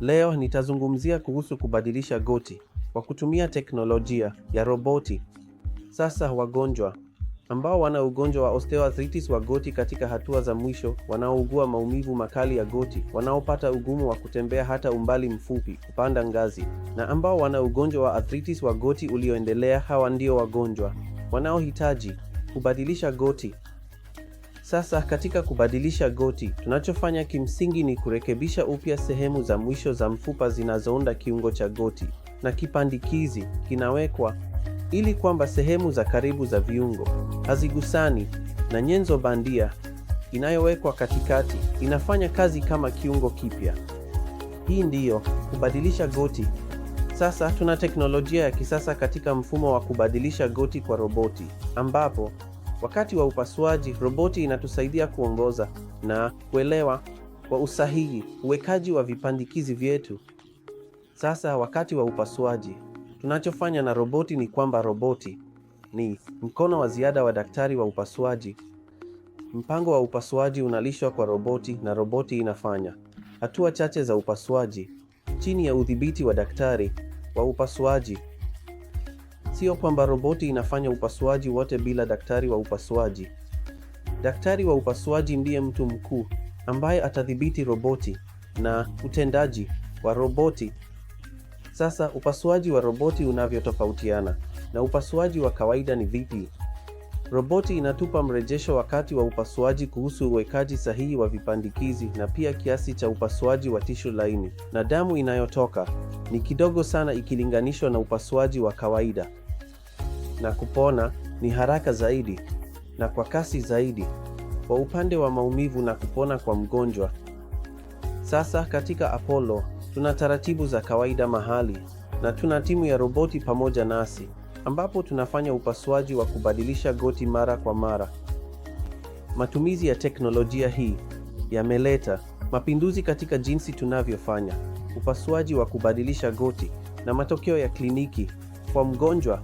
Leo nitazungumzia kuhusu kubadilisha goti kwa kutumia teknolojia ya roboti. Sasa wagonjwa ambao wana ugonjwa wa osteoarthritis wa goti katika hatua za mwisho, wanaougua maumivu makali ya goti, wanaopata ugumu wa kutembea hata umbali mfupi, kupanda ngazi, na ambao wana ugonjwa wa arthritis wa goti ulioendelea, hawa ndio wagonjwa wanaohitaji kubadilisha goti. Sasa katika kubadilisha goti, tunachofanya kimsingi ni kurekebisha upya sehemu za mwisho za mfupa zinazounda kiungo cha goti, na kipandikizi kinawekwa ili kwamba sehemu za karibu za viungo hazigusani, na nyenzo bandia inayowekwa katikati inafanya kazi kama kiungo kipya. Hii ndiyo kubadilisha goti. Sasa tuna teknolojia ya kisasa katika mfumo wa kubadilisha goti kwa roboti ambapo Wakati wa upasuaji, roboti inatusaidia kuongoza na kuelewa kwa usahihi uwekaji wa vipandikizi vyetu. Sasa wakati wa upasuaji, tunachofanya na roboti ni kwamba roboti ni mkono wa ziada wa daktari wa upasuaji. Mpango wa upasuaji unalishwa kwa roboti na roboti inafanya hatua chache za upasuaji chini ya udhibiti wa daktari wa upasuaji. Sio kwamba roboti inafanya upasuaji wote bila daktari wa upasuaji. Daktari wa upasuaji ndiye mtu mkuu ambaye atadhibiti roboti na utendaji wa roboti. Sasa upasuaji wa roboti unavyotofautiana na upasuaji wa kawaida ni vipi? Roboti inatupa mrejesho wakati wa upasuaji kuhusu uwekaji sahihi wa vipandikizi na pia kiasi cha upasuaji wa tishu laini na damu inayotoka ni kidogo sana ikilinganishwa na upasuaji wa kawaida na kupona ni haraka zaidi na kwa kasi zaidi. Kwa upande wa maumivu na kupona kwa mgonjwa, sasa katika Apollo tuna taratibu za kawaida mahali na tuna timu ya roboti pamoja nasi ambapo tunafanya upasuaji wa kubadilisha goti mara kwa mara. Matumizi ya teknolojia hii yameleta mapinduzi katika jinsi tunavyofanya upasuaji wa kubadilisha goti na matokeo ya kliniki kwa mgonjwa